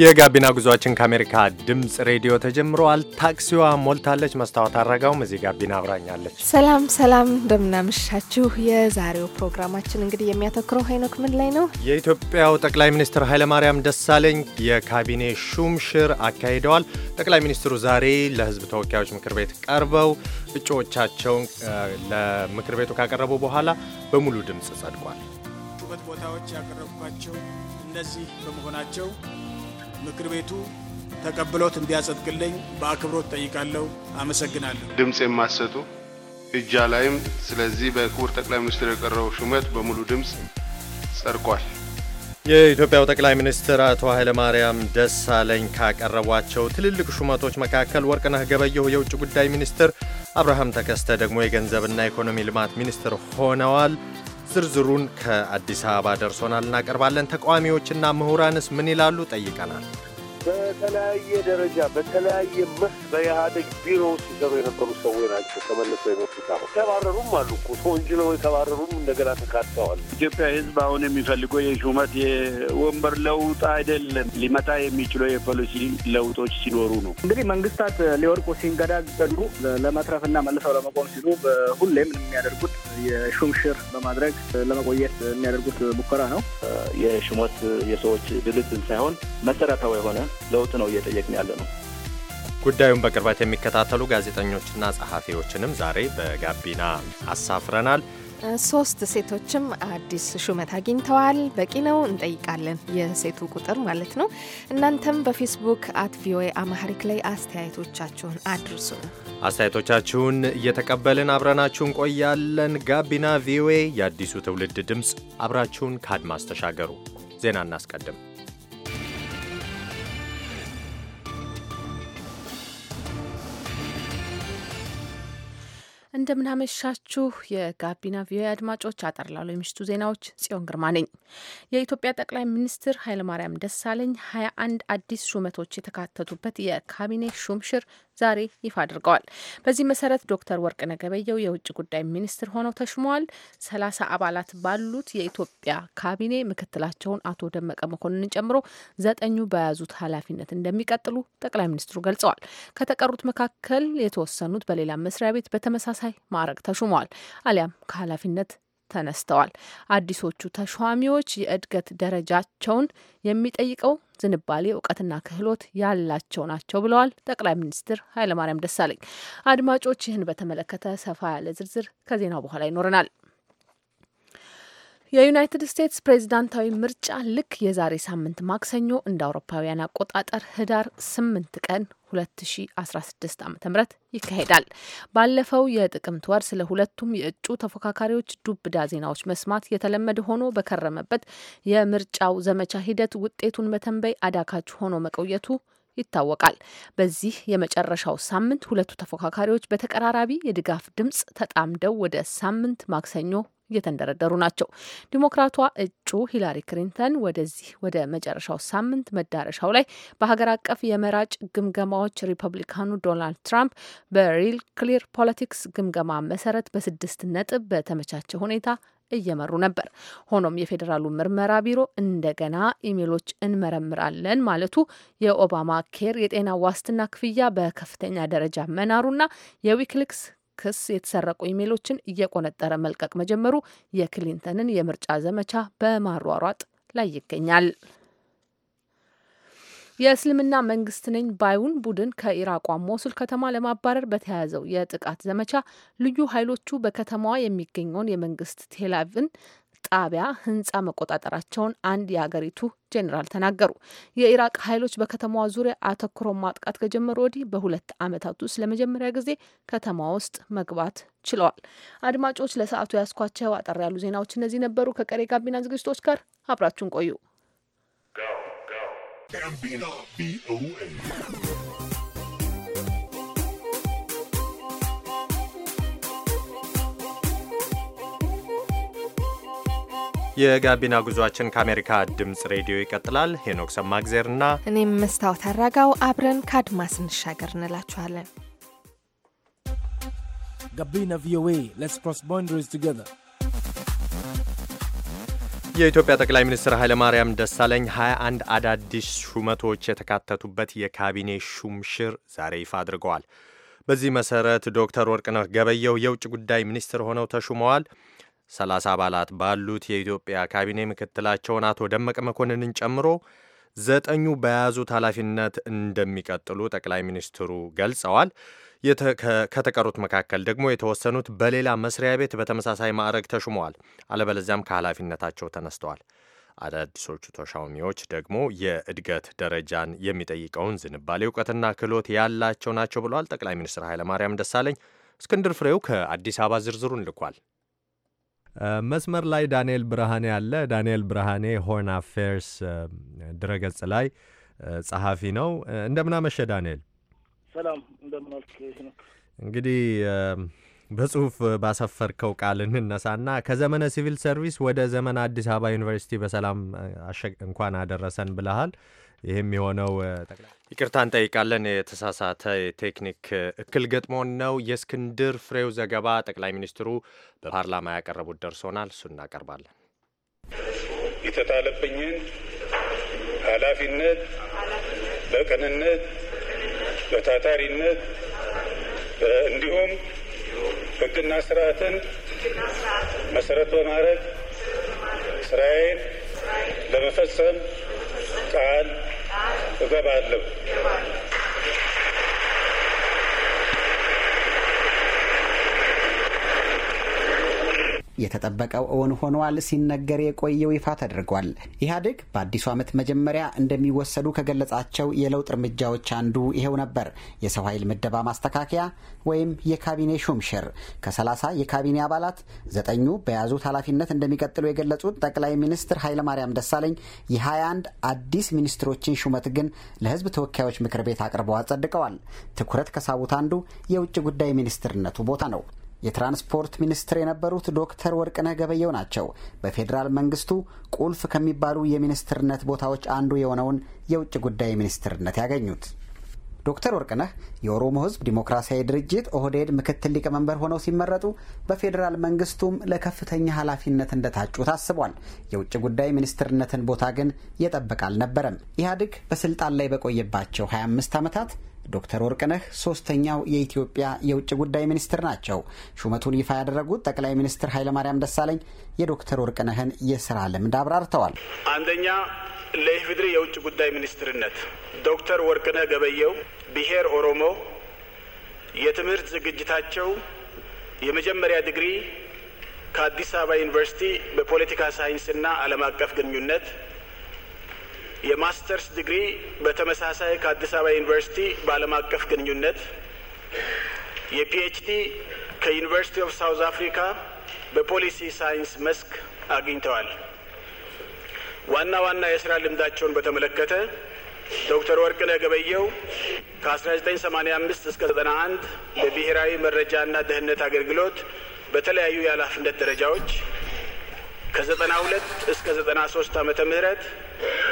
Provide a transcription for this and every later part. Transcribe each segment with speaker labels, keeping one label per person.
Speaker 1: የጋቢና ጉዟችን ከአሜሪካ ድምፅ ሬዲዮ ተጀምረዋል። ታክሲዋ ሞልታለች። መስታወት አረጋውም እዚህ ጋቢና አብራኛለች።
Speaker 2: ሰላም ሰላም፣ እንደምናመሻችሁ። የዛሬው ፕሮግራማችን እንግዲህ የሚያተኩረው ሀይኖክ ምን ላይ ነው?
Speaker 1: የኢትዮጵያው ጠቅላይ ሚኒስትር ኃይለማርያም ደሳለኝ የካቢኔ ሹምሽር አካሂደዋል። ጠቅላይ ሚኒስትሩ ዛሬ ለህዝብ ተወካዮች ምክር ቤት ቀርበው እጩዎቻቸውን ለምክር ቤቱ ካቀረቡ በኋላ በሙሉ ድምፅ ጸድቋል።
Speaker 3: ሹመት ቦታዎች ያቀረብኳቸው እነዚህ በመሆናቸው ምክር ቤቱ ተቀብሎት እንዲያጸድቅልኝ በአክብሮት ጠይቃለሁ። አመሰግናለሁ።
Speaker 4: ድምፅ የማሰጡ እጃ ላይም ስለዚህ በክቡር ጠቅላይ ሚኒስትር የቀረበው ሹመት በሙሉ ድምፅ ጸድቋል።
Speaker 1: የኢትዮጵያው ጠቅላይ ሚኒስትር አቶ ኃይለማርያም ደሳለኝ ካቀረቧቸው ትልልቅ ሹመቶች መካከል ወርቅነህ ገበየሁ የውጭ ጉዳይ ሚኒስትር፣ አብርሃም ተከስተ ደግሞ የገንዘብና ኢኮኖሚ ልማት ሚኒስትር ሆነዋል። ዝርዝሩን ከአዲስ አበባ ደርሶናል፣ እናቀርባለን። ተቃዋሚዎችና ምሁራንስ ምን ይላሉ ጠይቀናል።
Speaker 5: በተለያየ ደረጃ በተለያየ መስ በኢህአዴግ ቢሮ ውስጥ ሲሰሩ የነበሩ ሰዎች ናቸው ተመልሰው የመጡት። አሁን የተባረሩም አሉ እኮ ተወንጅለው የተባረሩም እንደገና ተካተዋል።
Speaker 4: ኢትዮጵያ ሕዝብ አሁን የሚፈልገው የሹመት የወንበር ለውጥ አይደለም። ሊመጣ የሚችለው የፖሊሲ ለውጦች ሲኖሩ ነው።
Speaker 6: እንግዲህ መንግስታት ሊወርቁ ሲንገዳገዱ ለመትረፍና መልሰው ለመቆም ሲሉ ሁሌም የሚያደርጉት የሹምሽር በማድረግ ለመቆየት
Speaker 7: የሚያደርጉት ሙከራ ነው። የሽሞት የሰዎች ድልድል ሳይሆን መሰረታዊ
Speaker 1: የሆነ ለውጥ
Speaker 7: ነው እየጠየቅን ያለ ነው።
Speaker 1: ጉዳዩን በቅርበት የሚከታተሉ ጋዜጠኞችና ጸሐፊዎችንም ዛሬ በጋቢና አሳፍረናል።
Speaker 2: ሶስት ሴቶችም አዲስ ሹመት አግኝተዋል። በቂ ነው እንጠይቃለን፣ የሴቱ ቁጥር ማለት ነው። እናንተም በፌስቡክ አት ቪኦኤ አማህሪክ ላይ አስተያየቶቻችሁን አድርሱን።
Speaker 1: አስተያየቶቻችሁን እየተቀበልን አብረናችሁን ቆያለን። ጋቢና ቪኦኤ የአዲሱ ትውልድ ድምፅ፣ አብራችሁን ከአድማስ ተሻገሩ። ዜና እናስቀድም።
Speaker 8: እንደምናመሻችሁ የጋቢና ቪኦኤ አድማጮች፣ አጠር ላሉ የምሽቱ ዜናዎች ጽዮን ግርማ ነኝ። የኢትዮጵያ ጠቅላይ ሚኒስትር ኃይለማርያም ደሳለኝ ሀያ አንድ አዲስ ሹመቶች የተካተቱበት የካቢኔ ሹምሽር ዛሬ ይፋ አድርገዋል። በዚህ መሰረት ዶክተር ወርቅነህ ገበየሁ የውጭ ጉዳይ ሚኒስትር ሆነው ተሹመዋል። ሰላሳ አባላት ባሉት የኢትዮጵያ ካቢኔ ምክትላቸውን አቶ ደመቀ መኮንንን ጨምሮ ዘጠኙ በያዙት ኃላፊነት እንደሚቀጥሉ ጠቅላይ ሚኒስትሩ ገልጸዋል። ከተቀሩት መካከል የተወሰኑት በሌላ መስሪያ ቤት በተመሳሳይ ማዕረግ ተሹመዋል አሊያም ከኃላፊነት ተነስተዋል። አዲሶቹ ተሿሚዎች የእድገት ደረጃቸውን የሚጠይቀው ዝንባሌ፣ እውቀትና ክህሎት ያላቸው ናቸው ብለዋል ጠቅላይ ሚኒስትር ኃይለማርያም ደሳለኝ። አድማጮች፣ ይህን በተመለከተ ሰፋ ያለ ዝርዝር ከዜናው በኋላ ይኖረናል። የዩናይትድ ስቴትስ ፕሬዝዳንታዊ ምርጫ ልክ የዛሬ ሳምንት ማክሰኞ እንደ አውሮፓውያን አቆጣጠር ህዳር ስምንት ቀን 2016 ዓ ም ይካሄዳል። ባለፈው የጥቅምት ወር ስለ ሁለቱም የእጩ ተፎካካሪዎች ዱብዳ ዜናዎች መስማት የተለመደ ሆኖ በከረመበት የምርጫው ዘመቻ ሂደት ውጤቱን መተንበይ አዳካች ሆኖ መቆየቱ ይታወቃል። በዚህ የመጨረሻው ሳምንት ሁለቱ ተፎካካሪዎች በተቀራራቢ የድጋፍ ድምፅ ተጣምደው ወደ ሳምንት ማክሰኞ እየተንደረደሩ ናቸው። ዲሞክራቷ እጩ ሂላሪ ክሊንተን ወደዚህ ወደ መጨረሻው ሳምንት መዳረሻው ላይ በሀገር አቀፍ የመራጭ ግምገማዎች ሪፐብሊካኑ ዶናልድ ትራምፕ በሪል ክሊር ፖለቲክስ ግምገማ መሰረት በስድስት ነጥብ በተመቻቸ ሁኔታ እየመሩ ነበር። ሆኖም የፌዴራሉ ምርመራ ቢሮ እንደገና ኢሜሎች እንመረምራለን ማለቱ የኦባማ ኬር የጤና ዋስትና ክፍያ በከፍተኛ ደረጃ መናሩና የዊክሊክስ ክስ የተሰረቁ ኢሜሎችን እየቆነጠረ መልቀቅ መጀመሩ የክሊንተንን የምርጫ ዘመቻ በማሯሯጥ ላይ ይገኛል። የእስልምና መንግስት ነኝ ባዩን ቡድን ከኢራቋ ሞሱል ከተማ ለማባረር በተያያዘው የጥቃት ዘመቻ ልዩ ኃይሎቹ በከተማዋ የሚገኘውን የመንግስት ቴላቪቭን ጣቢያ ህንፃ መቆጣጠራቸውን አንድ የሀገሪቱ ጄኔራል ተናገሩ። የኢራቅ ኃይሎች በከተማዋ ዙሪያ አተኩሮ ማጥቃት ከጀመሩ ወዲህ በሁለት ዓመታት ውስጥ ለመጀመሪያ ጊዜ ከተማ ውስጥ መግባት ችለዋል። አድማጮች ለሰዓቱ ያስኳቸው አጠር ያሉ ዜናዎች እነዚህ ነበሩ። ከቀሬ ጋቢና ዝግጅቶች ጋር አብራችሁን ቆዩ።
Speaker 1: የጋቢና ጉዟችን ከአሜሪካ ድምፅ ሬዲዮ ይቀጥላል። ሄኖክ ሰማግዜርና
Speaker 2: እኔም መስታወት አራጋው አብረን ከአድማስ እንሻገር እንላችኋለን።
Speaker 9: ጋቢና ቪኦኤ ሌትስ ክሮስ ቦንደሪስ ቱጌዘር
Speaker 1: የኢትዮጵያ ጠቅላይ ሚኒስትር ኃይለማርያም ደሳለኝ 21 አዳዲስ ሹመቶች የተካተቱበት የካቢኔ ሹምሽር ዛሬ ይፋ አድርገዋል። በዚህ መሰረት ዶክተር ወርቅነህ ገበየው የውጭ ጉዳይ ሚኒስትር ሆነው ተሹመዋል። 30 አባላት ባሉት የኢትዮጵያ ካቢኔ ምክትላቸውን አቶ ደመቀ መኮንንን ጨምሮ ዘጠኙ በያዙት ኃላፊነት እንደሚቀጥሉ ጠቅላይ ሚኒስትሩ ገልጸዋል። ከተቀሩት መካከል ደግሞ የተወሰኑት በሌላ መስሪያ ቤት በተመሳሳይ ማዕረግ ተሹመዋል፣ አለበለዚያም ከኃላፊነታቸው ተነስተዋል። አዳዲሶቹ ተሿሚዎች ደግሞ የእድገት ደረጃን የሚጠይቀውን ዝንባሌ፣ እውቀትና ክህሎት ያላቸው ናቸው ብለዋል ጠቅላይ ሚኒስትር ኃይለማርያም ደሳለኝ። እስክንድር ፍሬው ከአዲስ አበባ ዝርዝሩን ልኳል። መስመር ላይ ዳንኤል ብርሃኔ አለ። ዳንኤል ብርሃኔ ሆርን አፌርስ ድረገጽ ላይ ጸሐፊ ነው። እንደምናመሸ ዳንኤል።
Speaker 9: ሰላም እንደምናልክ
Speaker 1: እንግዲህ በጽሁፍ ባሰፈርከው ቃል እንነሳና ከዘመነ ሲቪል ሰርቪስ ወደ ዘመነ አዲስ አበባ ዩኒቨርሲቲ በሰላም እንኳን አደረሰን ብለሃል። ይህም የሆነው ይቅርታ እንጠይቃለን፣ የተሳሳተ ቴክኒክ እክል ገጥሞን ነው። የእስክንድር ፍሬው ዘገባ ጠቅላይ ሚኒስትሩ በፓርላማ ያቀረቡት ደርሶናል። እሱ እናቀርባለን።
Speaker 3: የተጣለብኝን ኃላፊነት በቅንነት በታታሪነት እንዲሁም ህግና ስርዓትን መሰረት በማድረግ ስራዬን ለመፈጸም ቃል
Speaker 1: እገባለሁ።
Speaker 10: የተጠበቀው እውን ሆኗል ሲነገር የቆየው ይፋ ተደርጓል። ኢህአዴግ በአዲሱ ዓመት መጀመሪያ እንደሚወሰዱ ከገለጻቸው የለውጥ እርምጃዎች አንዱ ይሄው ነበር። የሰው ኃይል ምደባ ማስተካከያ ወይም የካቢኔ ሹምሽር። ከ30 የካቢኔ አባላት ዘጠኙ በያዙት ኃላፊነት እንደሚቀጥሉ የገለጹት ጠቅላይ ሚኒስትር ኃይለማርያም ደሳለኝ የ21 አዲስ ሚኒስትሮችን ሹመት ግን ለህዝብ ተወካዮች ምክር ቤት አቅርበው አጸድቀዋል። ትኩረት ከሳቡት አንዱ የውጭ ጉዳይ ሚኒስትርነቱ ቦታ ነው። የትራንስፖርት ሚኒስትር የነበሩት ዶክተር ወርቅነህ ገበየው ናቸው። በፌዴራል መንግስቱ ቁልፍ ከሚባሉ የሚኒስትርነት ቦታዎች አንዱ የሆነውን የውጭ ጉዳይ ሚኒስትርነት ያገኙት ዶክተር ወርቅነህ የኦሮሞ ህዝብ ዲሞክራሲያዊ ድርጅት ኦህዴድ ምክትል ሊቀመንበር ሆነው ሲመረጡ በፌዴራል መንግስቱም ለከፍተኛ ኃላፊነት እንደታጩ ታስቧል። የውጭ ጉዳይ ሚኒስትርነትን ቦታ ግን የጠበቅ አልነበረም። ኢህአዴግ በስልጣን ላይ በቆየባቸው 25 ዓመታት ዶክተር ወርቅነህ ሶስተኛው የኢትዮጵያ የውጭ ጉዳይ ሚኒስትር ናቸው። ሹመቱን ይፋ ያደረጉት ጠቅላይ ሚኒስትር ኃይለማርያም ደሳለኝ የዶክተር ወርቅነህን የስራ ልምድ አብራርተዋል።
Speaker 3: አንደኛ ለኢፌዴሪ የውጭ ጉዳይ ሚኒስትርነት ዶክተር ወርቅነህ ገበየው ብሔር ኦሮሞ፣ የትምህርት ዝግጅታቸው የመጀመሪያ ዲግሪ ከአዲስ አበባ ዩኒቨርሲቲ በፖለቲካ ሳይንስና ዓለም አቀፍ ግንኙነት የማስተርስ ዲግሪ በተመሳሳይ ከአዲስ አበባ ዩኒቨርሲቲ በዓለም አቀፍ ግንኙነት፣ የፒኤችዲ ከዩኒቨርሲቲ ኦፍ ሳውዝ አፍሪካ በፖሊሲ ሳይንስ መስክ አግኝተዋል። ዋና ዋና የስራ ልምዳቸውን በተመለከተ ዶክተር ወርቅነህ ገበየው ከ1985 እስከ 91 በብሔራዊ መረጃና ደህንነት አገልግሎት በተለያዩ የኃላፊነት ደረጃዎች ከ92 እስከ 93 ዓመተ ምህረት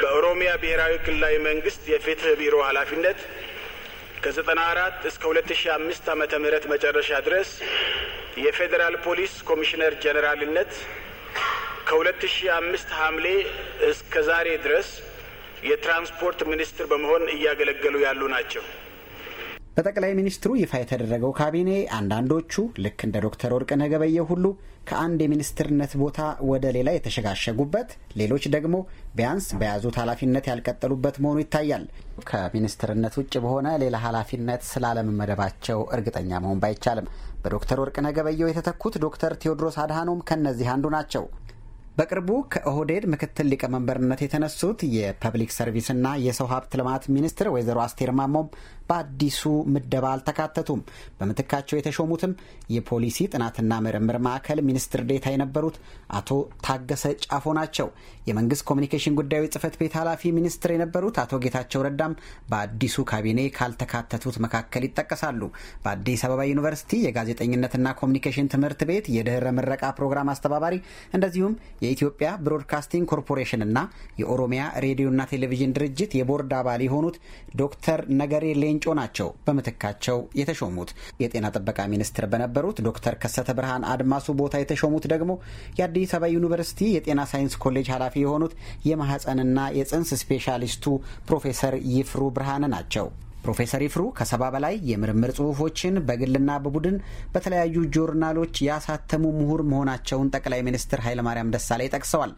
Speaker 3: በኦሮሚያ ብሔራዊ ክልላዊ መንግስት የፍትህ ቢሮ ኃላፊነት ከ94 እስከ 2005 ዓመተ ምህረት መጨረሻ ድረስ የፌዴራል ፖሊስ ኮሚሽነር ጀኔራልነት ከ 205 ሐምሌ እስከ ዛሬ ድረስ የትራንስፖርት ሚኒስትር በመሆን እያገለገሉ ያሉ ናቸው።
Speaker 10: በጠቅላይ ሚኒስትሩ ይፋ የተደረገው ካቢኔ አንዳንዶቹ ልክ እንደ ዶክተር ወርቅነህ ገበየሁ ሁሉ ከአንድ የሚኒስትርነት ቦታ ወደ ሌላ የተሸጋሸጉበት፣ ሌሎች ደግሞ ቢያንስ በያዙት ኃላፊነት ያልቀጠሉበት መሆኑ ይታያል። ከሚኒስትርነት ውጭ በሆነ ሌላ ኃላፊነት ስላለመመደባቸው እርግጠኛ መሆን ባይቻልም በዶክተር ወርቅነህ ገበየሁ የተተኩት ዶክተር ቴዎድሮስ አድሃኖም ከእነዚህ አንዱ ናቸው። በቅርቡ ከኦህዴድ ምክትል ሊቀመንበርነት የተነሱት የፐብሊክ ሰርቪስና የሰው ሀብት ልማት ሚኒስትር ወይዘሮ አስቴር ማሞም በአዲሱ ምደባ አልተካተቱም። በምትካቸው የተሾሙትም የፖሊሲ ጥናትና ምርምር ማዕከል ሚኒስትር ዴታ የነበሩት አቶ ታገሰ ጫፎ ናቸው። የመንግስት ኮሚኒኬሽን ጉዳዮች ጽህፈት ቤት ኃላፊ ሚኒስትር የነበሩት አቶ ጌታቸው ረዳም በአዲሱ ካቢኔ ካልተካተቱት መካከል ይጠቀሳሉ። በአዲስ አበባ ዩኒቨርሲቲ የጋዜጠኝነትና ኮሚኒኬሽን ትምህርት ቤት የድህረ ምረቃ ፕሮግራም አስተባባሪ እንደዚሁም የኢትዮጵያ ብሮድካስቲንግ ኮርፖሬሽንና የኦሮሚያ ሬዲዮና ቴሌቪዥን ድርጅት የቦርድ አባል የሆኑት ዶክተር ነገሬ ሌንጮ ናቸው በምትካቸው የተሾሙት። የጤና ጥበቃ ሚኒስትር በነበሩት ዶክተር ከሰተ ብርሃን አድማሱ ቦታ የተሾሙት ደግሞ የአዲስ አበባ ዩኒቨርሲቲ የጤና ሳይንስ ኮሌጅ ኃላፊ የሆኑት የማህፀንና የጽንስ ስፔሻሊስቱ ፕሮፌሰር ይፍሩ ብርሃን ናቸው። ፕሮፌሰር ይፍሩ ከሰባ በላይ የምርምር ጽሁፎችን በግልና በቡድን በተለያዩ ጆርናሎች ያሳተሙ ምሁር መሆናቸውን ጠቅላይ ሚኒስትር ኃይለማርያም ደሳለኝ ጠቅሰዋል።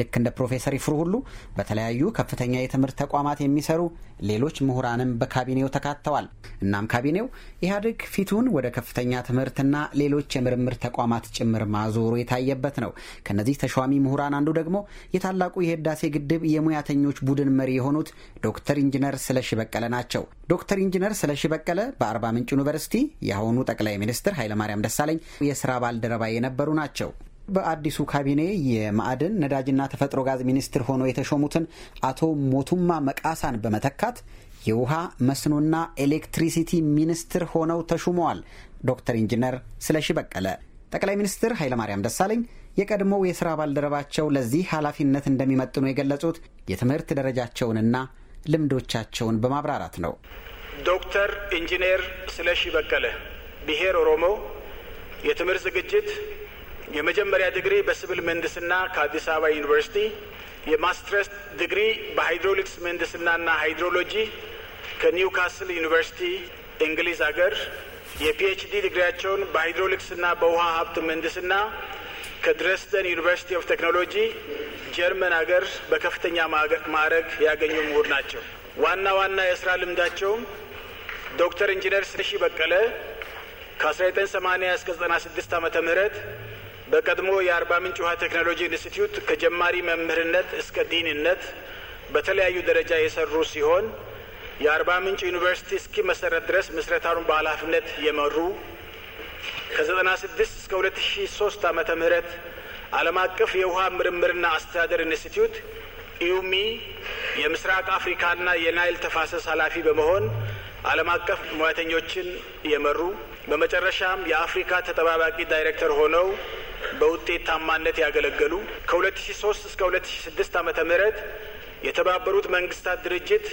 Speaker 10: ልክ እንደ ፕሮፌሰር ይፍሩ ሁሉ በተለያዩ ከፍተኛ የትምህርት ተቋማት የሚሰሩ ሌሎች ምሁራንም በካቢኔው ተካተዋል። እናም ካቢኔው ኢህአዴግ ፊቱን ወደ ከፍተኛ ትምህርትና ሌሎች የምርምር ተቋማት ጭምር ማዞሩ የታየበት ነው። ከነዚህ ተሿሚ ምሁራን አንዱ ደግሞ የታላቁ የህዳሴ ግድብ የሙያተኞች ቡድን መሪ የሆኑት ዶክተር ኢንጂነር ስለሺ በቀለ ናቸው። ዶክተር ኢንጂነር ስለሺ በቀለ በአርባ ምንጭ ዩኒቨርሲቲ የአሁኑ ጠቅላይ ሚኒስትር ኃይለማርያም ደሳለኝ የስራ ባልደረባ የነበሩ ናቸው። በአዲሱ ካቢኔ የማዕድን ነዳጅና ተፈጥሮ ጋዝ ሚኒስትር ሆነው የተሾሙትን አቶ ሞቱማ መቃሳን በመተካት የውሃ መስኖና ኤሌክትሪሲቲ ሚኒስትር ሆነው ተሹመዋል። ዶክተር ኢንጂነር ስለሺ በቀለ ጠቅላይ ሚኒስትር ኃይለማርያም ደሳለኝ የቀድሞው የሥራ ባልደረባቸው ለዚህ ኃላፊነት እንደሚመጥኑ የገለጹት የትምህርት ደረጃቸውንና ልምዶቻቸውን በማብራራት ነው።
Speaker 3: ዶክተር ኢንጂነር ስለሺ በቀለ ብሔር ኦሮሞ፣ የትምህርት ዝግጅት የመጀመሪያ ዲግሪ በሲቪል ምህንድስና ከአዲስ አበባ ዩኒቨርሲቲ፣ የማስተርስ ዲግሪ በሃይድሮሊክስ ምህንድስናና ሃይድሮሎጂ ከኒውካስል ዩኒቨርሲቲ እንግሊዝ ሀገር፣ የፒኤችዲ ዲግሪያቸውን በሃይድሮሊክስና በውሃ ሀብት ምህንድስና ከድረስደን ዩኒቨርሲቲ ኦፍ ቴክኖሎጂ ጀርመን ሀገር በከፍተኛ ማዕረግ ያገኙ ምሁር ናቸው። ዋና ዋና የስራ ልምዳቸውም ዶክተር ኢንጂነር ስለሺ በቀለ ከ1980 እስከ 96 ዓመተ ምህረት በቀድሞ የአርባ ምንጭ ውሃ ቴክኖሎጂ ኢንስቲትዩት ከጀማሪ መምህርነት እስከ ዲንነት በተለያዩ ደረጃ የሰሩ ሲሆን የአርባ ምንጭ ዩኒቨርሲቲ መሰረት ድረስ ምስረታውን በኃላፊነት የመሩ ከ96 እስከ 2003 ዓ ምህረት ዓለም አቀፍ የውሃ ምርምርና አስተዳደር ኢንስቲትዩት ኢዩሚ የምስራቅ አፍሪካና የናይል ተፋሰስ ኃላፊ በመሆን ዓለም አቀፍ ሙያተኞችን የመሩ በመጨረሻም የአፍሪካ ተጠባባቂ ዳይሬክተር ሆነው በውጤታማነት ያገለገሉ ከ2003 እስከ 2006 ዓ ም የተባበሩት መንግስታት ድርጅት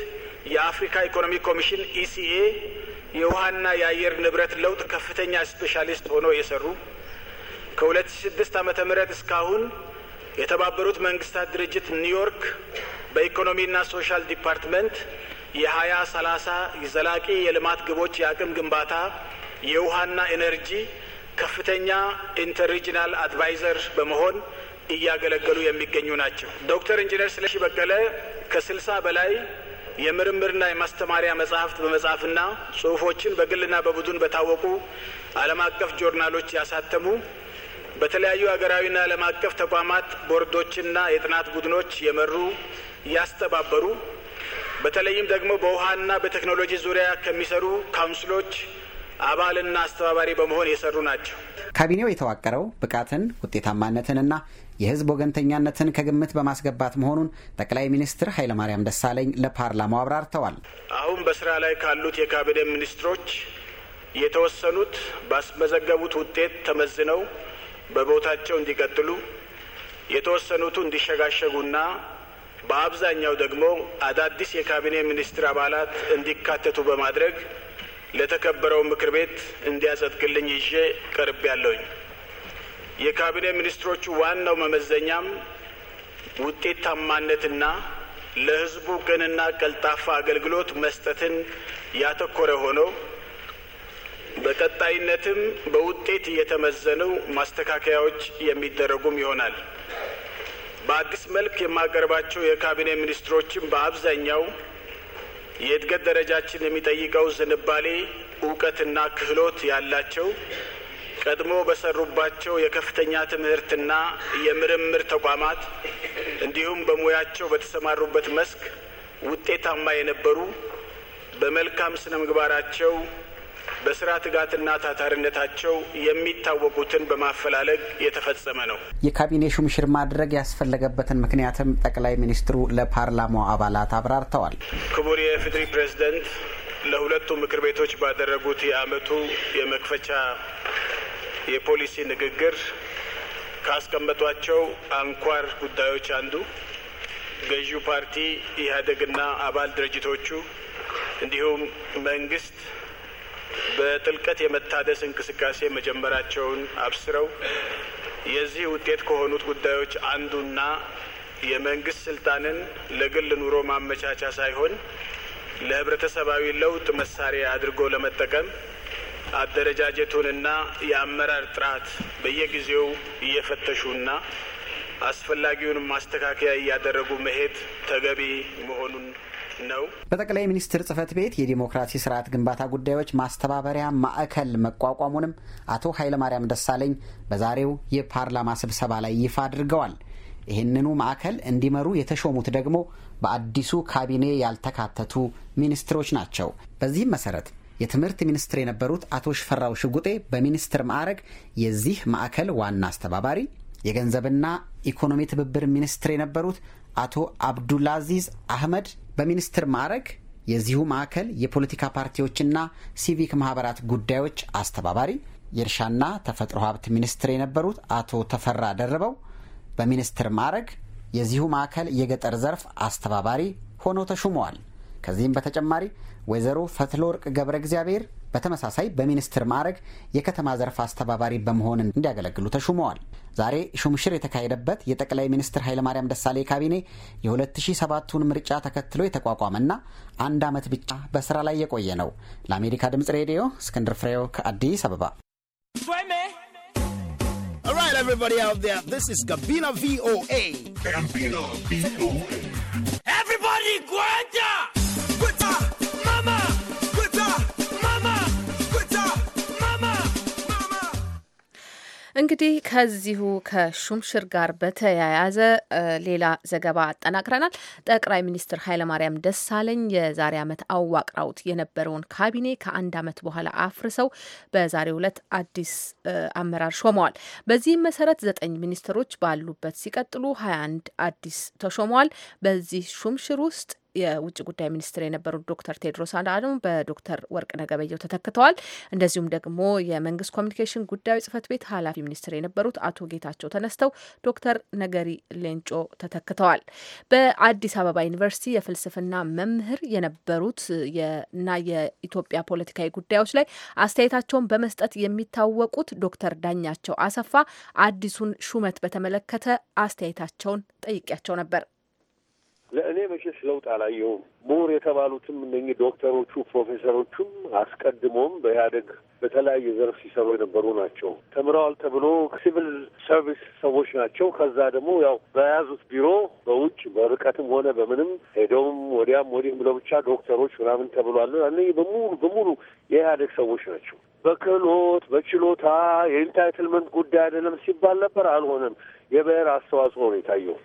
Speaker 3: የአፍሪካ ኢኮኖሚ ኮሚሽን ኢሲኤ የውሃና የአየር ንብረት ለውጥ ከፍተኛ ስፔሻሊስት ሆነው የሰሩ ከ2006 ዓ ም እስካሁን የተባበሩት መንግስታት ድርጅት ኒውዮርክ በኢኮኖሚና ሶሻል ዲፓርትመንት የሀያ ሰላሳ የዘላቂ የልማት ግቦች የአቅም ግንባታ የውሃና ኤነርጂ ከፍተኛ ኢንተርሪጅናል አድቫይዘር በመሆን እያገለገሉ የሚገኙ ናቸው። ዶክተር ኢንጂነር ስለሺ በቀለ ከስልሳ በላይ የምርምርና የማስተማሪያ መጽሐፍት በመጻፍና ጽሁፎችን በግልና በቡድን በታወቁ ዓለም አቀፍ ጆርናሎች ያሳተሙ በተለያዩ ሀገራዊና ዓለም አቀፍ ተቋማት ቦርዶችና የጥናት ቡድኖች የመሩ ያስተባበሩ በተለይም ደግሞ በውሃና በቴክኖሎጂ ዙሪያ ከሚሰሩ ካውንስሎች አባልና አስተባባሪ በመሆን የሰሩ ናቸው።
Speaker 10: ካቢኔው የተዋቀረው ብቃትን፣ ውጤታማነትንና የህዝብ ወገንተኛነትን ከግምት በማስገባት መሆኑን ጠቅላይ ሚኒስትር ኃይለማርያም ደሳለኝ ለፓርላማው አብራርተዋል።
Speaker 3: አሁን በስራ ላይ ካሉት የካቢኔ ሚኒስትሮች የተወሰኑት ባስመዘገቡት ውጤት ተመዝነው በቦታቸው እንዲቀጥሉ፣ የተወሰኑቱ እንዲሸጋሸጉና በአብዛኛው ደግሞ አዳዲስ የካቢኔ ሚኒስትር አባላት እንዲካተቱ በማድረግ ለተከበረው ምክር ቤት እንዲያጸድቅልኝ ይዤ ቀርብ ያለውኝ የካቢኔ ሚኒስትሮቹ ዋናው መመዘኛም ውጤታማነትና ለሕዝቡ ቅንና ቀልጣፋ አገልግሎት መስጠትን ያተኮረ ሆኖ በቀጣይነትም በውጤት እየተመዘኑ ማስተካከያዎች የሚደረጉም ይሆናል። በአዲስ መልክ የማቀርባቸው የካቢኔ ሚኒስትሮችም በአብዛኛው የእድገት ደረጃችን የሚጠይቀው ዝንባሌ፣ እውቀትና ክህሎት ያላቸው ቀድሞ በሰሩባቸው የከፍተኛ ትምህርትና የምርምር ተቋማት እንዲሁም በሙያቸው በተሰማሩበት መስክ ውጤታማ የነበሩ በመልካም ስነ ምግባራቸው በስራ ትጋትና ታታሪነታቸው የሚታወቁትን በማፈላለግ የተፈጸመ ነው።
Speaker 10: የካቢኔ ሹምሽር ማድረግ ያስፈለገበትን ምክንያትም ጠቅላይ ሚኒስትሩ ለፓርላማው አባላት አብራርተዋል።
Speaker 3: ክቡር የፍትሪ ፕሬዝደንት ለሁለቱ ምክር ቤቶች ባደረጉት የአመቱ የመክፈቻ የፖሊሲ ንግግር ካስቀመጧቸው አንኳር ጉዳዮች አንዱ ገዢው ፓርቲ ኢህአዴግና አባል ድርጅቶቹ እንዲሁም መንግስት በጥልቀት የመታደስ እንቅስቃሴ መጀመራቸውን አብስረው የዚህ ውጤት ከሆኑት ጉዳዮች አንዱና የመንግስት ስልጣንን ለግል ኑሮ ማመቻቻ ሳይሆን ለህብረተሰባዊ ለውጥ መሳሪያ አድርጎ ለመጠቀም አደረጃጀቱንና የአመራር ጥራት በየጊዜው እየፈተሹና አስፈላጊውን ማስተካከያ እያደረጉ መሄድ ተገቢ መሆኑን ነው።
Speaker 10: በጠቅላይ ሚኒስትር ጽህፈት ቤት የዲሞክራሲ ስርዓት ግንባታ ጉዳዮች ማስተባበሪያ ማዕከል መቋቋሙንም አቶ ኃይለማርያም ደሳለኝ በዛሬው የፓርላማ ስብሰባ ላይ ይፋ አድርገዋል። ይህንኑ ማዕከል እንዲመሩ የተሾሙት ደግሞ በአዲሱ ካቢኔ ያልተካተቱ ሚኒስትሮች ናቸው። በዚህም መሰረት የትምህርት ሚኒስትር የነበሩት አቶ ሽፈራው ሽጉጤ በሚኒስትር ማዕረግ የዚህ ማዕከል ዋና አስተባባሪ፣ የገንዘብና ኢኮኖሚ ትብብር ሚኒስትር የነበሩት አቶ አብዱላዚዝ አህመድ በሚኒስትር ማዕረግ የዚሁ ማዕከል የፖለቲካ ፓርቲዎችና ሲቪክ ማህበራት ጉዳዮች አስተባባሪ የእርሻና ተፈጥሮ ሀብት ሚኒስትር የነበሩት አቶ ተፈራ ደርበው በሚኒስትር ማዕረግ የዚሁ ማዕከል የገጠር ዘርፍ አስተባባሪ ሆነው ተሹመዋል። ከዚህም በተጨማሪ ወይዘሮ ፈትለወርቅ ገብረ እግዚአብሔር በተመሳሳይ በሚኒስትር ማዕረግ የከተማ ዘርፍ አስተባባሪ በመሆን እንዲያገለግሉ ተሹመዋል። ዛሬ ሹምሽር የተካሄደበት የጠቅላይ ሚኒስትር ኃይለማርያም ደሳሌ ካቢኔ የ2007ቱን ምርጫ ተከትሎ የተቋቋመና አንድ ዓመት ብቻ በስራ ላይ የቆየ ነው። ለአሜሪካ ድምፅ ሬዲዮ እስክንድር ፍሬው ከአዲስ አበባ።
Speaker 9: ጋቢና ቪኦኤ
Speaker 8: እንግዲህ ከዚሁ ከሹምሽር ጋር በተያያዘ ሌላ ዘገባ አጠናቅረናል። ጠቅላይ ሚኒስትር ኃይለማርያም ደሳለኝ የዛሬ ዓመት አዋቅራውት የነበረውን ካቢኔ ከአንድ ዓመት በኋላ አፍርሰው በዛሬ ዕለት አዲስ አመራር ሾመዋል። በዚህም መሰረት ዘጠኝ ሚኒስትሮች ባሉበት ሲቀጥሉ ሀያ አንድ አዲስ ተሾመዋል። በዚህ ሹምሽር ውስጥ የውጭ ጉዳይ ሚኒስትር የነበሩት ዶክተር ቴድሮስ አድሃኖም በዶክተር ወርቅነህ ገበየሁ ተተክተዋል። እንደዚሁም ደግሞ የመንግስት ኮሚኒኬሽን ጉዳዩ ጽህፈት ቤት ኃላፊ ሚኒስትር የነበሩት አቶ ጌታቸው ተነስተው ዶክተር ነገሪ ሌንጮ ተተክተዋል። በአዲስ አበባ ዩኒቨርሲቲ የፍልስፍና መምህር የነበሩት እና የኢትዮጵያ ፖለቲካዊ ጉዳዮች ላይ አስተያየታቸውን በመስጠት የሚታወቁት ዶክተር ዳኛቸው አሰፋ አዲሱን ሹመት በተመለከተ አስተያየታቸውን ጠይቂያቸው ነበር።
Speaker 5: ለእኔ መቼስ ለውጥ አላየውም። ምሁር የተባሉትም እነኚህ ዶክተሮቹ፣ ፕሮፌሰሮቹም አስቀድሞም በኢህአደግ በተለያየ ዘርፍ ሲሰሩ የነበሩ ናቸው። ተምረዋል ተብሎ ሲቪል ሰርቪስ ሰዎች ናቸው። ከዛ ደግሞ ያው በያዙት ቢሮ በውጭ በርቀትም ሆነ በምንም ሄደውም ወዲያም ወዲህም ብለው ብቻ ዶክተሮች ምናምን ተብሏል። እነኚህ በሙሉ በሙሉ የኢህአደግ ሰዎች ናቸው። በክህሎት በችሎታ የኢንታይትልመንት ጉዳይ አይደለም ሲባል ነበር። አልሆነም። የብሔር አስተዋጽኦ ነው የታየው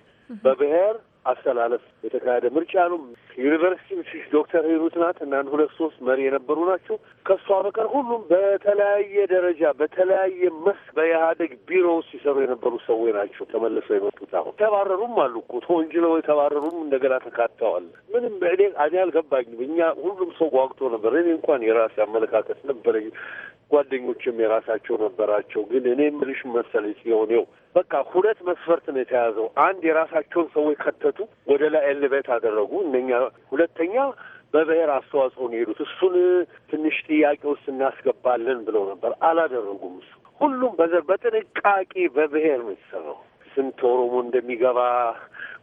Speaker 5: በብሔር አስተላለፍ የተካሄደ ምርጫ ነው። ዩኒቨርሲቲ ዶክተር ሂሩት ናት እና አንድ ሁለት ሶስት መሪ የነበሩ ናቸው። ከእሷ በቀር ሁሉም በተለያየ ደረጃ በተለያየ መስክ በኢህአደግ ቢሮ ውስጥ ሲሰሩ የነበሩ ሰዎች ናቸው ተመልሰው የመጡት። አሁን ተባረሩም አሉ እኮ ተወንጅለው የተባረሩም እንደገና ተካተዋል። ምንም እኔ እኔ አልገባኝም። እኛ ሁሉም ሰው ጓግቶ ነበር። እኔ እንኳን የራሴ አመለካከት ነበረኝ። ጓደኞችም የራሳቸው ነበራቸው። ግን እኔ ምልሽ መሰለኝ ሲሆን በቃ ሁለት መስፈርት ነው የተያዘው። አንድ የራሳቸውን ሰዎች ከተቱ፣ ወደ ላይ ኤሌቬት አደረጉ እነኛ። ሁለተኛ በብሔር አስተዋጽኦ ነው የሄዱት። እሱን ትንሽ ጥያቄ ውስጥ እናስገባለን ብለው ነበር፣ አላደረጉም። እሱ ሁሉም በዘር በጥንቃቄ በብሔር ነው የተሰራው። ስንት ኦሮሞ እንደሚገባ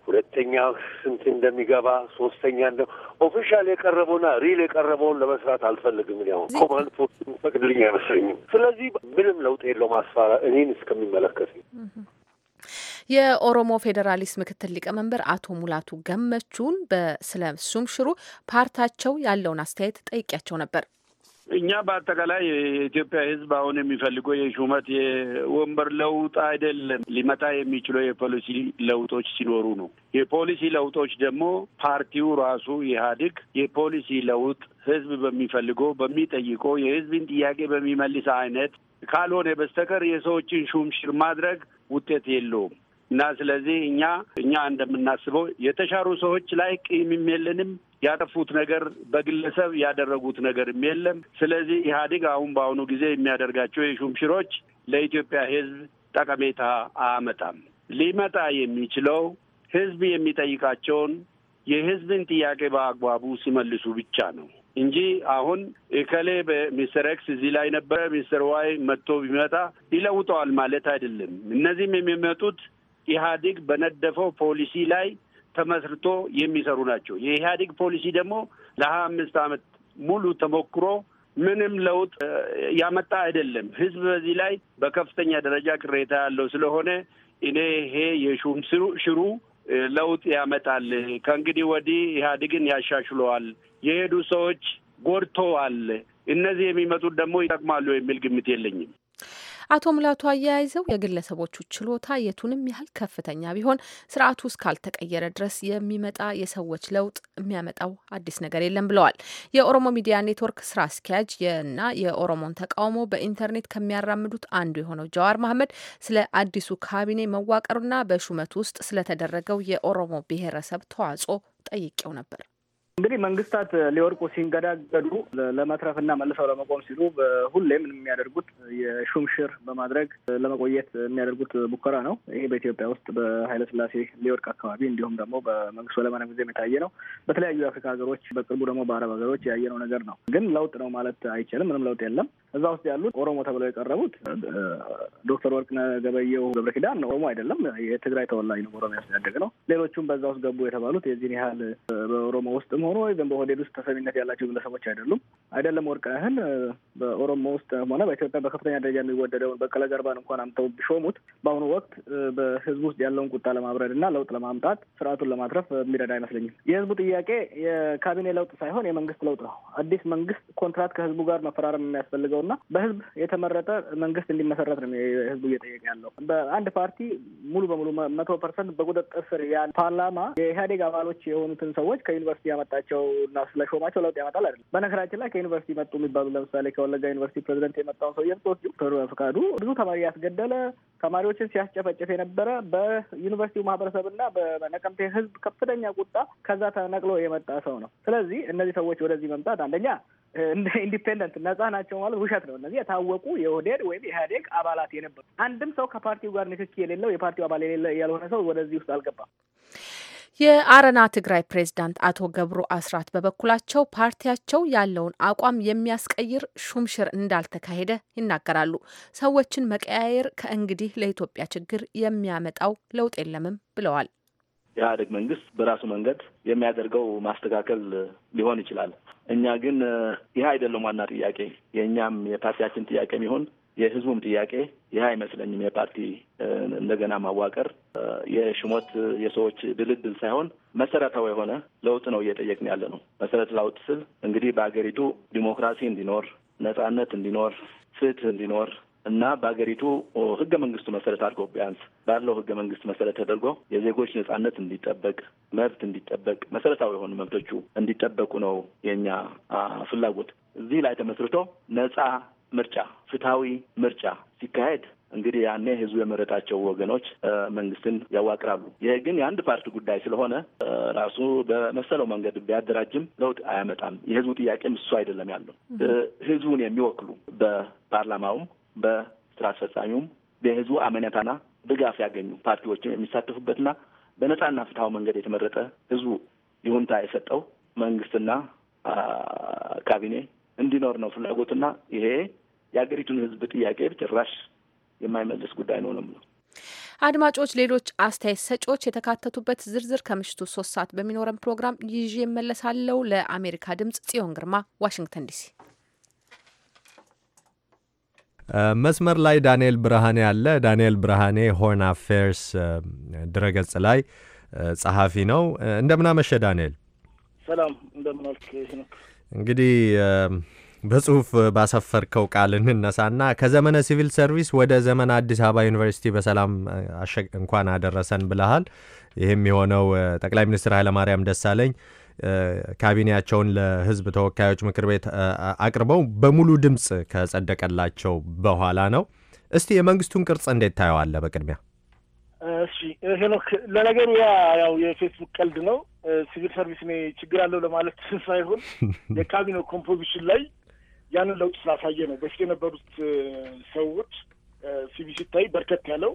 Speaker 5: ሁለተኛ ስንት እንደሚገባ ሶስተኛ እንደ ኦፊሻል የቀረበውና ሪል የቀረበውን ለመስራት አልፈልግም። ያው ኮማንድ ፖስት የሚፈቅድልኝ አይመስለኝም። ስለዚህ ምንም ለውጥ የለውም አስፋራ እኔን እስከሚመለከት
Speaker 8: የኦሮሞ ፌዴራሊስት ምክትል ሊቀመንበር አቶ ሙላቱ ገመቹን በስለ ሱም ሽሩ ፓርታቸው ያለውን አስተያየት ጠይቂያቸው ነበር።
Speaker 4: እኛ በአጠቃላይ የኢትዮጵያ ሕዝብ አሁን የሚፈልገው የሹመት የወንበር ለውጥ አይደለም። ሊመጣ የሚችለው የፖሊሲ ለውጦች ሲኖሩ ነው። የፖሊሲ ለውጦች ደግሞ ፓርቲው ራሱ ኢህአዴግ የፖሊሲ ለውጥ ሕዝብ በሚፈልገው በሚጠይቀው የሕዝብን ጥያቄ በሚመልስ አይነት ካልሆነ በስተቀር የሰዎችን ሹምሽር ማድረግ ውጤት የለውም። እና ስለዚህ እኛ እኛ እንደምናስበው የተሻሩ ሰዎች ላይ ቂም የለንም። ያጠፉት ነገር በግለሰብ ያደረጉት ነገርም የለም። ስለዚህ ኢህአዴግ አሁን በአሁኑ ጊዜ የሚያደርጋቸው የሹምሽሮች ለኢትዮጵያ ህዝብ ጠቀሜታ አያመጣም። ሊመጣ የሚችለው ህዝብ የሚጠይቃቸውን የህዝብን ጥያቄ በአግባቡ ሲመልሱ ብቻ ነው እንጂ አሁን እከሌ በሚስተር ኤክስ እዚህ ላይ ነበረ ሚስተር ዋይ መጥቶ ቢመጣ ይለውጠዋል ማለት አይደለም። እነዚህም የሚመጡት ኢህአዴግ በነደፈው ፖሊሲ ላይ ተመስርቶ የሚሰሩ ናቸው። የኢህአዴግ ፖሊሲ ደግሞ ለሀያ አምስት ዓመት ሙሉ ተሞክሮ ምንም ለውጥ ያመጣ አይደለም። ህዝብ በዚህ ላይ በከፍተኛ ደረጃ ቅሬታ ያለው ስለሆነ እኔ ይሄ የሹም ሽሩ ለውጥ ያመጣል፣ ከእንግዲህ ወዲህ ኢህአዴግን ያሻሽለዋል፣ የሄዱ ሰዎች ጎድተዋል፣ እነዚህ የሚመጡት ደግሞ ይጠቅማሉ የሚል ግምት የለኝም።
Speaker 8: አቶ ሙላቱ አያይዘው የግለሰቦቹ ችሎታ የቱንም ያህል ከፍተኛ ቢሆን ስርዓቱ እስካልተቀየረ ድረስ የሚመጣ የሰዎች ለውጥ የሚያመጣው አዲስ ነገር የለም ብለዋል። የኦሮሞ ሚዲያ ኔትወርክ ስራ አስኪያጅ እና የኦሮሞን ተቃውሞ በኢንተርኔት ከሚያራምዱት አንዱ የሆነው ጀዋር መሀመድ ስለ አዲሱ ካቢኔ መዋቀሩና በሹመቱ ውስጥ ስለተደረገው የኦሮሞ ብሔረሰብ ተዋጽኦ ጠይቄው ነበር።
Speaker 6: እንግዲህ መንግስታት ሊወርቁ ሲንገዳገዱ ለመትረፍና መልሰው ለመቆም ሲሉ ሁሌም የሚያደርጉት የሹምሽር በማድረግ ለመቆየት የሚያደርጉት ሙከራ ነው። ይሄ በኢትዮጵያ ውስጥ በኃይለስላሴ ሊወርቅ አካባቢ እንዲሁም ደግሞ በመንግስቱ ኃይለማርያም ጊዜ የታየ ነው። በተለያዩ የአፍሪካ ሀገሮች፣ በቅርቡ ደግሞ በአረብ ሀገሮች ያየነው ነገር ነው። ግን ለውጥ ነው ማለት አይችልም ምንም ለውጥ የለም። እዛ ውስጥ ያሉት ኦሮሞ ተብለው የቀረቡት ዶክተር ወርቅነህ ገበየሁ ገብረ ኪዳን ኦሮሞ አይደለም፣ የትግራይ ተወላጅ ነው። ኦሮሚያ ያደገ ነው። ሌሎቹም በዛ ውስጥ ገቡ የተባሉት የዚህን ያህል በኦሮሞ ውስጥ ውስጥም ሆኖ ወይም በኦህዴድ ውስጥ ተሰሚነት ያላቸው ግለሰቦች አይደሉም። አይደለም ወርቅነህን በኦሮሞ ውስጥ ሆነ በኢትዮጵያ በከፍተኛ ደረጃ የሚወደደውን በቀለ ገርባን እንኳን አምተው ቢሾሙት በአሁኑ ወቅት በህዝቡ ውስጥ ያለውን ቁጣ ለማብረድ እና ለውጥ ለማምጣት ስርዓቱን ለማትረፍ የሚረዳ አይመስለኝም። የህዝቡ ጥያቄ የካቢኔ ለውጥ ሳይሆን የመንግስት ለውጥ ነው። አዲስ መንግስት ኮንትራት ከህዝቡ ጋር መፈራረም የሚያስፈልገው እና በህዝብ የተመረጠ መንግስት እንዲመሰረት ነው ህዝቡ እየጠየቀ ያለው። በአንድ ፓርቲ ሙሉ በሙሉ መቶ ፐርሰንት በቁጥጥር ስር ያለ ፓርላማ የኢህአዴግ አባሎች የሆኑትን ሰዎች ከዩኒቨርሲቲ ያመጣ ስለመረጣቸው እና ስለሾማቸው ለውጥ ያመጣል አይደለም። በነገራችን ላይ ከዩኒቨርሲቲ መጡ የሚባሉ ለምሳሌ ከወለጋ ዩኒቨርሲቲ ፕሬዚደንት የመጣውን ሰው የምትወስዱ ዶክተሩ በፍቃዱ ብዙ ተማሪ ያስገደለ ተማሪዎችን ሲያስጨፈጭፍ የነበረ በዩኒቨርሲቲው ማህበረሰብና በነቀምቴ ህዝብ ከፍተኛ ቁጣ ከዛ ተነቅሎ የመጣ ሰው ነው። ስለዚህ እነዚህ ሰዎች ወደዚህ መምጣት አንደኛ ኢንዲፔንደንት ነጻ ናቸው ማለት ውሸት ነው። እነዚህ የታወቁ የኦህዴድ ወይም የኢህአዴግ አባላት የነበሩ አንድም ሰው ከፓርቲው ጋር ንክኪ የሌለው የፓርቲው አባል የሌለ ያልሆነ ሰው ወደዚህ ውስጥ አልገባም።
Speaker 8: የአረና ትግራይ ፕሬዝዳንት አቶ ገብሩ አስራት በበኩላቸው ፓርቲያቸው ያለውን አቋም የሚያስቀይር ሹምሽር እንዳልተካሄደ ይናገራሉ። ሰዎችን መቀያየር ከእንግዲህ ለኢትዮጵያ ችግር የሚያመጣው ለውጥ የለምም ብለዋል።
Speaker 7: የኢህአዴግ መንግስት በራሱ መንገድ የሚያደርገው ማስተካከል ሊሆን ይችላል። እኛ ግን ይህ አይደለም ዋና ጥያቄ። የእኛም የፓርቲያችን ጥያቄ የሚሆን የህዝቡም ጥያቄ ይህ አይመስለኝም። የፓርቲ እንደገና ማዋቀር የሽሞት የሰዎች ድልድል ሳይሆን መሰረታዊ የሆነ ለውጥ ነው እየጠየቅን ያለ ነው። መሰረት ለውጥ ስል እንግዲህ በሀገሪቱ ዲሞክራሲ እንዲኖር፣ ነጻነት እንዲኖር፣ ፍትህ እንዲኖር እና በሀገሪቱ ህገ መንግስቱ መሰረት አድርጎ ቢያንስ ባለው ህገ መንግስት መሰረት ተደርጎ የዜጎች ነጻነት እንዲጠበቅ፣ መብት እንዲጠበቅ፣ መሰረታዊ የሆኑ መብቶቹ እንዲጠበቁ ነው የኛ ፍላጎት። እዚህ ላይ ተመስርቶ ነጻ ምርጫ ፍትሐዊ ምርጫ ሲካሄድ እንግዲህ ያኔ ህዝቡ የመረጣቸው ወገኖች መንግስትን ያዋቅራሉ። ይሄ ግን የአንድ ፓርቲ ጉዳይ ስለሆነ ራሱ በመሰለው መንገድ ቢያደራጅም ለውጥ አያመጣም። የህዝቡ ጥያቄም እሱ አይደለም ያለው። ህዝቡን የሚወክሉ በፓርላማውም በስራ አስፈጻሚውም በህዝቡ አመኔታና ድጋፍ ያገኙ ፓርቲዎችም የሚሳተፉበትና በነጻና ፍትሐዊ መንገድ የተመረጠ ህዝቡ ይሁንታ የሰጠው መንግስትና ካቢኔ እንዲኖር ነው ፍላጎትና ይሄ የሀገሪቱን ህዝብ ጥያቄ ጭራሽ የማይመልስ ጉዳይ ነው ነው
Speaker 8: አድማጮች፣ ሌሎች አስተያየት ሰጪዎች የተካተቱበት ዝርዝር ከምሽቱ ሶስት ሰዓት በሚኖረን ፕሮግራም ይዤ እመለሳለሁ። ለአሜሪካ ድምጽ ጽዮን ግርማ ዋሽንግተን ዲሲ።
Speaker 1: መስመር ላይ ዳንኤል ብርሃኔ አለ። ዳንኤል ብርሃኔ ሆርን አፌርስ ድረገጽ ላይ ጸሐፊ ነው። እንደምናመሸ ዳንኤል።
Speaker 9: ሰላም እንደምናልክ።
Speaker 1: እንግዲህ በጽሁፍ ባሰፈርከው ቃል እንነሳና ከዘመነ ሲቪል ሰርቪስ ወደ ዘመነ አዲስ አበባ ዩኒቨርሲቲ በሰላም እንኳን አደረሰን ብለሃል። ይህም የሆነው ጠቅላይ ሚኒስትር ኃይለማርያም ደሳለኝ ካቢኔያቸውን ለሕዝብ ተወካዮች ምክር ቤት አቅርበው በሙሉ ድምፅ ከጸደቀላቸው በኋላ ነው። እስቲ የመንግስቱን ቅርጽ እንዴት ታየዋለህ? በቅድሚያ
Speaker 9: እሺ ሄኖክ፣ ለነገሩ ያ ያው የፌስቡክ ቀልድ ነው። ሲቪል ሰርቪስ እኔ ችግር አለው ለማለት ሳይሆን የካቢኔው ኮምፖዚሽን ላይ ያንን ለውጥ ስላሳየ ነው። በፊት የነበሩት ሰዎች ሲቪ ሲታይ በርከት ያለው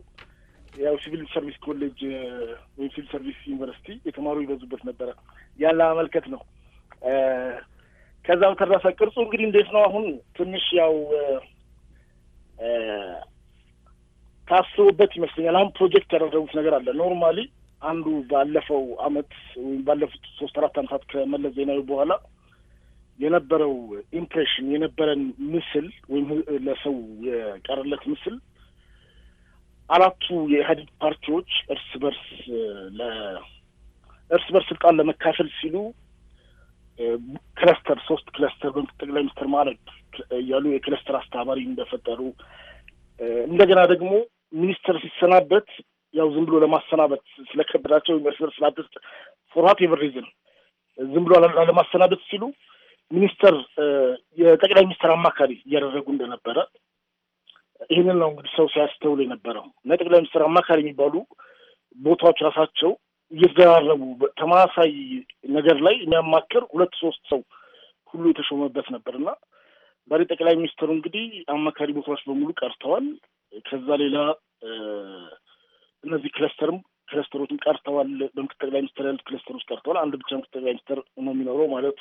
Speaker 9: ያው ሲቪል ሰርቪስ ኮሌጅ ወይም ሲቪል ሰርቪስ ዩኒቨርሲቲ የተማሩ ይበዙበት ነበረ። ያን ለማመልከት ነው። ከዛ በተረፈ ቅርጹ እንግዲህ እንዴት ነው አሁን ትንሽ ያው ታስቦበት ይመስለኛል። አሁን ፕሮጀክት ያደረጉት ነገር አለ። ኖርማሊ አንዱ ባለፈው አመት ወይም ባለፉት ሶስት አራት አመታት ከመለስ ዜናዊ በኋላ የነበረው ኢምፕሬሽን የነበረን ምስል ወይም ለሰው የቀረለት ምስል አራቱ የኢህአዴግ ፓርቲዎች እርስ በርስ እርስ በርስ ስልጣን ለመካፈል ሲሉ ክለስተር ሶስት ክለስተር በጠቅላይ ሚኒስትር ማዕረግ እያሉ የክለስተር አስተባባሪ እንደፈጠሩ እንደገና ደግሞ ሚኒስትር ሲሰናበት ያው ዝም ብሎ ለማሰናበት ስለከበዳቸው እርስ በርስ ፎር ዋቴቨር ሪዝን ዝም ብሎ ለማሰናበት ሲሉ ሚኒስተር የጠቅላይ ሚኒስትር አማካሪ እያደረጉ እንደነበረ ይህንን ነው እንግዲህ ሰው ሲያስተውል የነበረው እና የጠቅላይ ሚኒስትር አማካሪ የሚባሉ ቦታዎች ራሳቸው እየተደራረቡ ተመሳሳይ ነገር ላይ የሚያማክር ሁለት ሶስት ሰው ሁሉ የተሾመበት ነበር እና ዛሬ ጠቅላይ ሚኒስትሩ እንግዲህ አማካሪ ቦታዎች በሙሉ ቀርተዋል። ከዛ ሌላ እነዚህ ክለስተርም ክለስተሮችም ቀርተዋል። በምክትል ጠቅላይ ሚኒስትር ያሉት ክለስተሮች ቀርተዋል። አንድ ብቻ ምክትል ጠቅላይ ሚኒስትር ነው የሚኖረው ማለቱ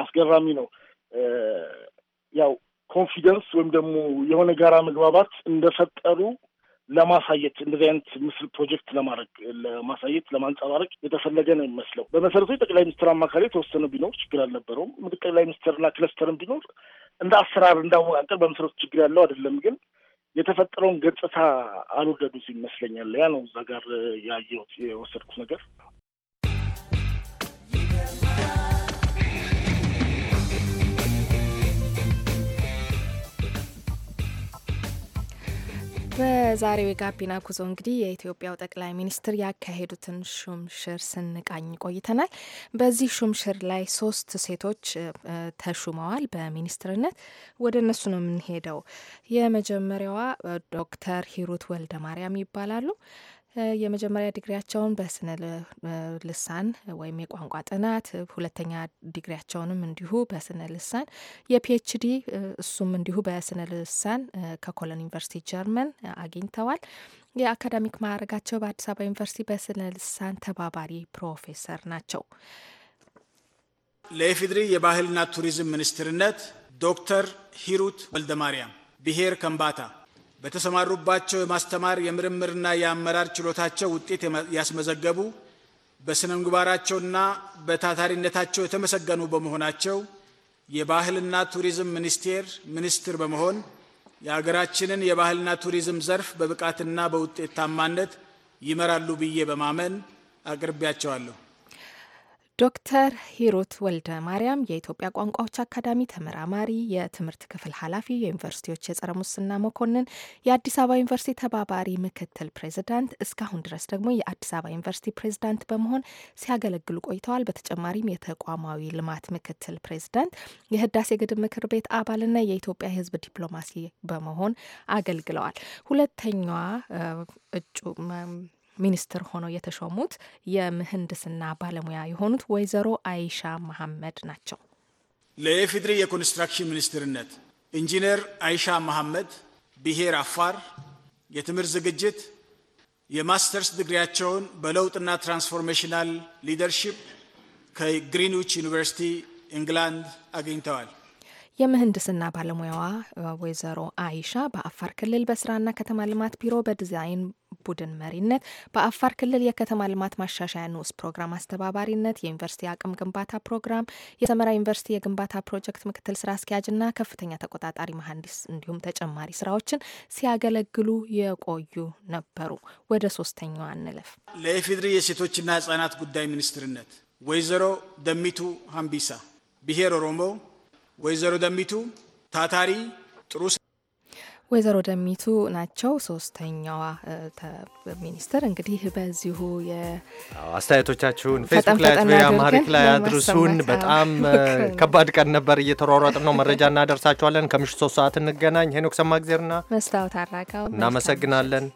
Speaker 9: አስገራሚ ነው። ያው ኮንፊደንስ ወይም ደግሞ የሆነ ጋራ መግባባት እንደፈጠሩ ለማሳየት እንደዚህ አይነት ምስል ፕሮጀክት ለማድረግ ለማሳየት ለማንጸባረቅ የተፈለገ ነው የሚመስለው። በመሰረቱ የጠቅላይ ሚኒስትር አማካሪ የተወሰነ ቢኖር ችግር አልነበረውም። ጠቅላይ ሚኒስትርና ክለስተርም ቢኖር እንደ አሰራር እንዳወቃቀር በመሰረቱ ችግር ያለው አይደለም። ግን የተፈጠረውን ገጽታ አልወደዱት ይመስለኛል። ያ ነው እዛ ጋር ያየሁት የወሰድኩት ነገር።
Speaker 2: በዛሬው የጋቢና ጉዞ እንግዲህ የኢትዮጵያው ጠቅላይ ሚኒስትር ያካሄዱትን ሹምሽር ስንቃኝ ቆይተናል። በዚህ ሹምሽር ላይ ሶስት ሴቶች ተሹመዋል በሚኒስትርነት። ወደ እነሱ ነው የምንሄደው። የመጀመሪያዋ ዶክተር ሂሩት ወልደ ማርያም ይባላሉ። የመጀመሪያ ዲግሪያቸውን በስነ ልሳን ወይም የቋንቋ ጥናት፣ ሁለተኛ ዲግሪያቸውንም እንዲሁ በስነ ልሳን፣ የፒኤችዲ እሱም እንዲሁ በስነ ልሳን ከኮሎን ዩኒቨርሲቲ ጀርመን አግኝተዋል። የአካዳሚክ ማዕረጋቸው በአዲስ አበባ ዩኒቨርሲቲ በስነ ልሳን ተባባሪ ፕሮፌሰር ናቸው።
Speaker 3: ለኢፌዴሪ የባህልና ቱሪዝም ሚኒስትርነት ዶክተር ሂሩት ወልደማርያም ብሔር ከምባታ በተሰማሩባቸው የማስተማር የምርምርና የአመራር ችሎታቸው ውጤት ያስመዘገቡ በስነ ምግባራቸውና በታታሪነታቸው የተመሰገኑ በመሆናቸው የባህልና ቱሪዝም ሚኒስቴር ሚኒስትር በመሆን የሀገራችንን የባህልና ቱሪዝም ዘርፍ በብቃትና በውጤታማነት ይመራሉ ብዬ በማመን አቅርቤያቸዋለሁ።
Speaker 2: ዶክተር ሂሩት ወልደ ማርያም የኢትዮጵያ ቋንቋዎች አካዳሚ ተመራማሪ፣ የትምህርት ክፍል ኃላፊ፣ የዩኒቨርሲቲዎች የጸረ ሙስና መኮንን፣ የአዲስ አበባ ዩኒቨርሲቲ ተባባሪ ምክትል ፕሬዚዳንት፣ እስካሁን ድረስ ደግሞ የአዲስ አበባ ዩኒቨርሲቲ ፕሬዚዳንት በመሆን ሲያገለግሉ ቆይተዋል። በተጨማሪም የተቋማዊ ልማት ምክትል ፕሬዚዳንት፣ የህዳሴ ግድብ ምክር ቤት አባልና የኢትዮጵያ የህዝብ ዲፕሎማሲ በመሆን አገልግለዋል። ሁለተኛዋ እጩ ሚኒስትር ሆነው የተሾሙት የምህንድስና ባለሙያ የሆኑት ወይዘሮ አይሻ መሐመድ ናቸው።
Speaker 3: ለኢፌዴሪ የኮንስትራክሽን ሚኒስትርነት ኢንጂነር አይሻ መሐመድ ብሔር አፋር የትምህርት ዝግጅት የማስተርስ ድግሪያቸውን በለውጥና ትራንስፎርሜሽናል ሊደርሺፕ ከግሪንዊች ዩኒቨርሲቲ ኢንግላንድ አግኝተዋል።
Speaker 2: የምህንድስና ባለሙያዋ ወይዘሮ አይሻ በአፋር ክልል በስራና ከተማ ልማት ቢሮ በዲዛይን ቡድን መሪነት፣ በአፋር ክልል የከተማ ልማት ማሻሻያ ንዑስ ፕሮግራም አስተባባሪነት፣ የዩኒቨርሲቲ አቅም ግንባታ ፕሮግራም፣ የሰመራ ዩኒቨርሲቲ የግንባታ ፕሮጀክት ምክትል ስራ አስኪያጅና ከፍተኛ ተቆጣጣሪ መሀንዲስ እንዲሁም ተጨማሪ ስራዎችን ሲያገለግሉ የቆዩ ነበሩ። ወደ ሶስተኛው አንለፍ።
Speaker 3: ለኢፌዴሪ የሴቶችና ህጻናት ጉዳይ ሚኒስትርነት ወይዘሮ ደሚቱ ሀምቢሳ ብሔር ኦሮሞ፣ ወይዘሮ ደሚቱ ታታሪ ጥሩ
Speaker 2: ወይዘሮ ደሚቱ ናቸው። ሶስተኛዋ ሚኒስትር እንግዲህ በዚሁ
Speaker 1: አስተያየቶቻችሁን ፌስቡክ ላይ አት አማሪክ ላይ አድርሱን። በጣም ከባድ ቀን ነበር፣ እየተሯሯጥ ነው። መረጃ እናደርሳችኋለን። ከምሽቱ ሶስት ሰዓት እንገናኝ። ሄኖክ ሰማግዜርና
Speaker 2: መስታወት አራጋው
Speaker 1: እናመሰግናለን።